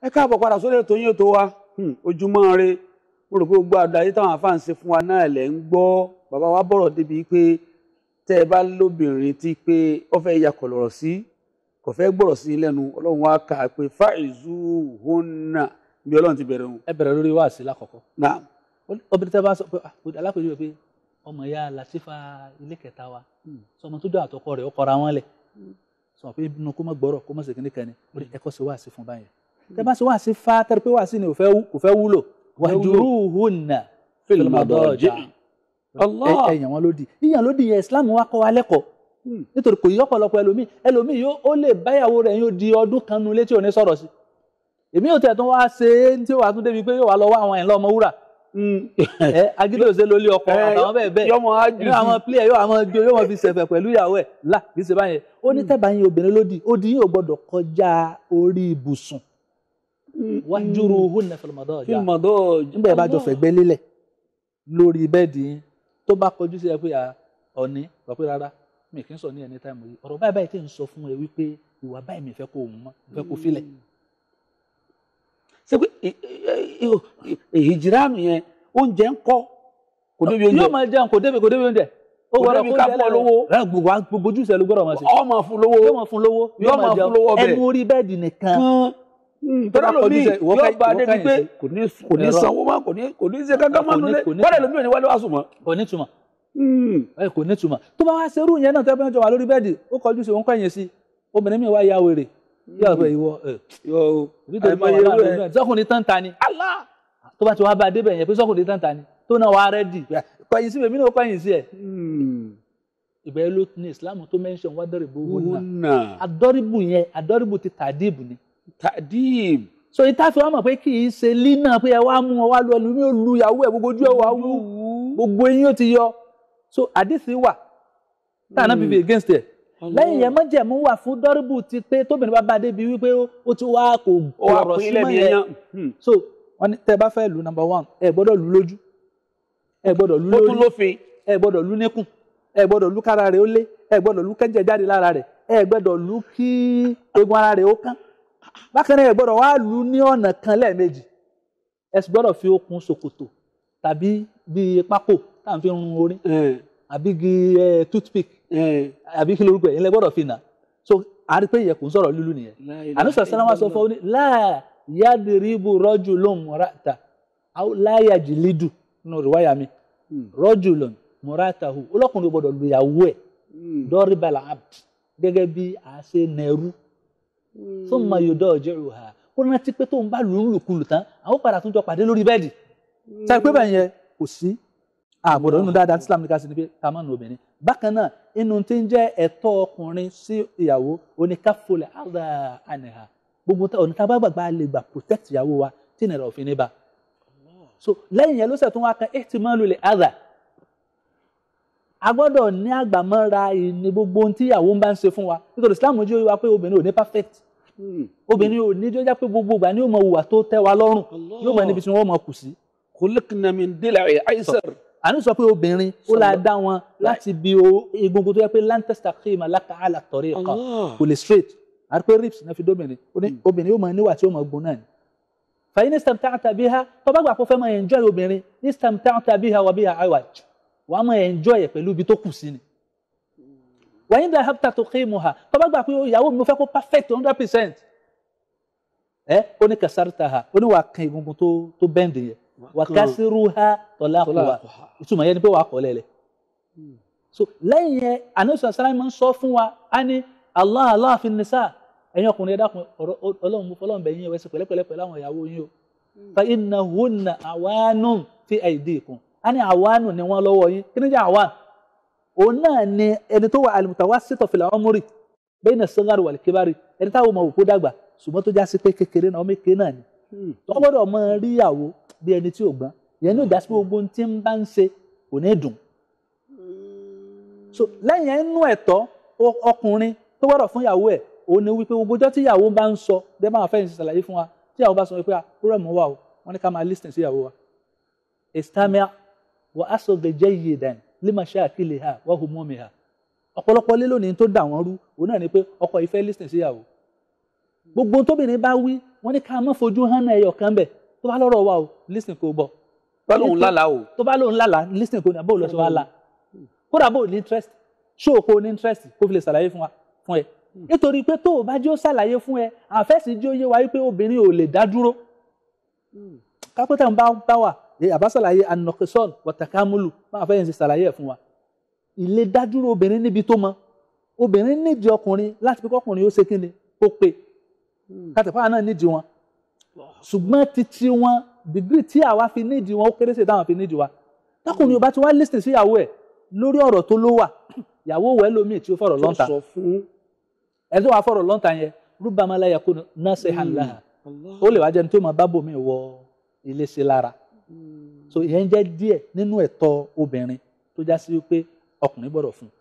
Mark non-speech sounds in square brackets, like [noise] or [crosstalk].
ẹ káàbọ̀ padà sórí ètò yín ètò wa hmm, ojúmọ́ re mo rò pé gbogbo àdáyé táwọn afáà ń ṣe fún wa náà lẹ̀ ń gbọ́ bàbá wa bọ̀rọ̀ débi pé tẹ́ ẹ bá lóbìnrin tí pé ó fẹ́ ya kọ̀lọ̀rọ̀ sí kò fẹ́ gbọ́rọ̀ sí lẹ́nu ọlọ́run wa kà á pé fáìzù hona bí ọlọ́run ti bẹ̀rẹ̀ wọn. ẹ bẹ̀rẹ̀ lórí wáàsí lákọ̀ọ́kọ́. na obìnrin tẹ́ bá sọ pé alákòóyè ah, pé ọmọ ìyá làtífà ilé kẹta wa hmm. sọmọ tó dọ àtọkọ rẹ̀ ó kọra wọn lẹ̀ sọmọ pé ibi kó má gbọ́rọ̀ kó má ṣèkínní kan ni ẹ̀kọ́ sí fún báyẹn tẹ́ bá ṣe wá sí fa tẹ́rí pé wá sí ni kò fẹ́ wúlò wahjuruhunna fil madaji ẹ̀yàn wọn lódì yíyàn lódì yẹn islam wa kọ́ wa lẹ́kọ̀ọ́ hmm. nítorí kò yí ọ̀pọ̀lọpọ̀ ẹlòmíì ẹlòmíì yóò ó lè báyàwó rẹ̀ yóò di ọdún kan nu létí òní sọ̀rọ̀ sí èmi ò tẹ̀ tún wá ṣe é tí ó wà tún débi pé yóò wá lọ wá àwọn ẹ̀ lọ́mọ wúrà hmm. [laughs] agídòsè lórí ọkọ àtàwọn bẹ́ẹ̀ bẹ́ẹ̀ yóò àwọn player yóò àwọn gbé yóò wọn fi ṣẹ̀fẹ̀ pẹ̀lú ìyàwó ẹ̀ là kì ṣe báyẹn ó ní hmm. tẹ́bà yín obìnrin lódì ó di yín ò gbọ́dọ̀ kọjá orí ibùsùn wahjuruhunna fil madaj. fil madaj nígbà yẹn bá jọ fẹ̀gbẹ́ lélẹ̀ lórí bẹ́ẹ̀dì yín tó bá kọjú sí ẹ pé ọ̀ní wà pé rárá mi kì í sọ ní ẹni táìmù yìí ọ̀rọ̀ báyìí báyìí tí ń sọ fún ẹ wípé ìwà báyìí mi fẹ́ kó òun mọ́ fẹ́ kó filẹ̀. ṣé pé ìhìjìránù yẹn oúnjẹ ń kọ́ kò débi oúnjẹ yóò máa jẹun kò débi kò débi oúnjẹ ó wọlé kó jẹ lọ́wọ́ gbogbo ojúṣe ló gbọ́dọ̀ máa ṣe. ọmọ fún lówó yóò máa fún lówó ẹnu orí bẹ́ẹ̀dì nìkan Hmm, tọ́lá lomi yóò ba débi pé kò ní sanwó mọ́ kò ní kò ní ṣe kankan mọ́ nulẹ̀ kọ́lá lomi ò ní wálé wá sùn mọ́. kò ní tuma hmm. kò ní tuma tó bá wá serú yẹn náà tẹ́gbẹ́ jọ wà lórí bẹ́ẹ̀dì ó kọjú sí òun kọ́yìn sí obìnrin mi wá ya wèrè yóò rẹ ìwọ ẹ sọkùnrin tán ta ni tó bá ti wá ba débẹ̀ yẹn pé sọkùnrin tán ta ni tó náà wá rẹ́dì kọ́yìn sí mi náà kọ́yìn sí ẹ̀ hmm. ìbẹ̀rẹ̀ ló ní ìsìlámù tó mẹ́ńṣọ̀n wá dọ́rìbù wúnà adọ́rìbù yẹn adọ́rìbù ti tàdíìbù ni. tàdíìb so ìta fi wọn pé kì í ṣe lina pé ẹ wá mú ọ wá lu ẹlòmíì ò lu ìyàwó ẹ gbogbo ojú ẹ wà wú gbogbo eyín ti yọ so àdìsí wà hmm. tànà bíbí against ẹ lẹ́yìn yẹn wà fún dọ́rìbù pé tóbìnrin bá wípé ó ti wá kò ọ̀rọ̀ hmm. so wọn ni bá fẹ́ lu number one ẹ gbọ́dọ̀ lu lójú ẹ gbọ́dọ̀ lu lórí ẹ gbọ́dọ̀ lu ẹ gbọ́dọ̀ lu kára bákan náà ẹ gbọ́dọ̀ wá lù ú ní ọ̀nà kan lẹ́ẹ̀mejì ẹ sì gbọ́dọ̀ fi okùn ṣòkòtò tàbí bíi pákó tá à ń fi run orí àbí gi toothpick àbí kí lorúkọ yẹn lẹ gbọ́dọ̀ fi nà so àrí pé ìyẹ̀kùn sọ̀rọ̀ lulu nìyẹn ànúṣọ sẹ́nàmà sọ fún ọ ní láà yádìrìbù rọ́jù ló mọ̀ràtà láyà jìlídù nù rìwáyà mi hmm. rọ́jù ló mọ̀ràtà hù ọlọ́kùnrin gbọ́dọ̀ lùyàwó ẹ̀ hmm. dọ́rí balà abd gẹ́gẹ́ bí àṣẹ nẹ̀rú tó ń máa hmm. yọ̀dọ̀ ọ̀jẹ̀rù ha ó rántí pé tó ń bá lù ú lùkulù tán àwọn padà tún jọ pàdé lórí bẹ́ẹ̀dì táyì pé bẹ́ẹ̀ yẹn kò sí àgbọ̀dọ̀ nínú dáadáa tí Islam nìkan sí ni pé ká má nu obìnrin bákan náà inú tí ń jẹ́ ẹ̀tọ́ ọkùnrin sí ìyàwó oníkàfọlẹ̀ àdà àníhà gbogbo ọ̀nà tá a bá gbàgbà lè gbà protect ìyàwó wa tí ìnira òfin ní ba so lẹ́yìn yẹn ló sẹ̀ tún wá kan ehtimalu lè àdà a gbọ́dọ̀ ní àgbàmọ́ra ìní gbogbo ohun tí ìyàwó ń bá ń ṣe fún wa nítorí Islam ojú wa pé obìnrin ò ní perfect hmm. obìnrin ò ní jọ jẹ́ pé gbogbo ìgbà ni yóò mọ hùwà tó tẹ́ wa lọ́rùn yóò mọ níbi tí wọ́n mọ kù sí. khuliqna min dil'i aysar. àní sọ pé obìnrin ó la dá wọn láti bi egungun tó yẹ pé lan tastaqima laka ala tariqa kò lè straight àti pé rips náà fi dóbìnrin hmm. obìnrin yóò mọ níwà tí yóò mọ gbóná ni fàyín istamta'ta biha tọ́ba gbà pé ó fẹ́ mọ wàá máa enjoy ẹ̀ pẹ̀lú ibi tó kù sí ni wàá yín dá hapta tó kéé mu ha tó bá gbà pé ìyàwó mi mo fẹ́ kó perfect hundred percent ẹ ó ní kẹsàrìtà ha ó ní wàá kan egungun tó tó bẹ́ǹdì yẹn wàá kásírù ha tọ́lá kù wa ìtumọ̀ yẹn ni pé wàá kọ́ lẹ́lẹ̀ hmm. so lẹ́yìn yẹn anisa sáré máa ń sọ fún wa á ní allah allah fi nisa ẹ̀yin ọkùnrin ẹ̀dá kun ọ̀rọ̀ ọlọ́run mú fọlọ́run bẹ̀yìn ẹ̀wẹ̀sì pẹ̀lẹ́pẹ̀lẹ́ pẹ̀lú àwọn ìyàwó yín o hmm. fa inna hunna awanum fi aidikum á ní àwánù ni wọ́n lọ́wọ́ yín kí ni jẹ́ àwánù òun náà ni ẹni tó wà al-mutawassita fil umri bayna as-saghari wal-kibari ẹni táwọn ọmọ òkú dàgbà ṣùgbọ́n tó já sí pé kékeré náà ọmọ èké náà ni tó hmm. gbọ́dọ̀ mọ ríyàwó bí ẹni tí ò gbọ́n yẹn ní ìdásí gbogbo tí ń bá ń ṣe kò ní dùn. Hmm. so lẹ́yìn inú ẹ̀tọ́ ọkùnrin tó gbọ́dọ̀ fún ìyàwó ẹ̀ òun ni wípé gbogbo ọjọ́ tí ìyàwó bá ń sọ wà á sọ gẹjẹ yìí dàn lima ṣáàkìlì ha wà hù mọ́mi ha ọ̀pọ̀lọpọ̀ lé lónìí tó dà wọ́n rú òun náà ni pé ọkọ ìfẹ́ lísìn síyàwó gbogbo tóbìnrin bá wí wọ́n ní ká má fojú hàn náà ẹyọ kan bẹ̀ tó bá lọ́rọ̀ wa o lísìn kò bọ̀ tó bá lóun lálàá o tó bá lóun lálàá lísìn kò ní abóòlù ọ̀ṣọ́ wa la kódà bó ní interest ṣó o kò ní interest kó fi lè ṣàlàyé fún wa fún ẹ nítorí pé tó o bá jẹ́ ó ṣàlàyé fún ẹ àfẹ́sí jẹ́ ó yé wa wípé obìnrin ò lè dá dúró hmm. kápẹ́tà àbá ṣàlàyé anọkẹsọn wọtakámúlù máa fẹ́ yẹn ṣe ṣàlàyé ẹ̀ fún wa ilé dádúró obìnrin níbi tó mọ obìnrin nídìí ọkùnrin láti pípọ́ ọkùnrin ó ṣe kí ni ó pe hmm. kàtàpá náà nídìí wọn ṣùgbọ́n títí wọn dìgírì tí àwa fi nídìí wọn ó kéré sí táwọn fi nídìí wa tọkùnrin ò bá ti wá lísìn sí ìyàwó ẹ̀ lórí ọ̀rọ̀ tó ló wà ìyàwó wẹ̀ lómi tí ó fọ̀rọ̀ lọ́ǹta ẹ̀ tó wàá fọ̀rọ̀ lọ́ǹta yẹn rúbàmọ́lá yẹ náà ṣe hàn láhà ó lè wá jẹ́ni tó máa bá bòmí wọ ilé sí lára so ìyẹn jẹ́ díẹ̀ nínú ẹ̀tọ́ obìnrin tó já sí wípé ọkùnrin gbọ́dọ̀ fún un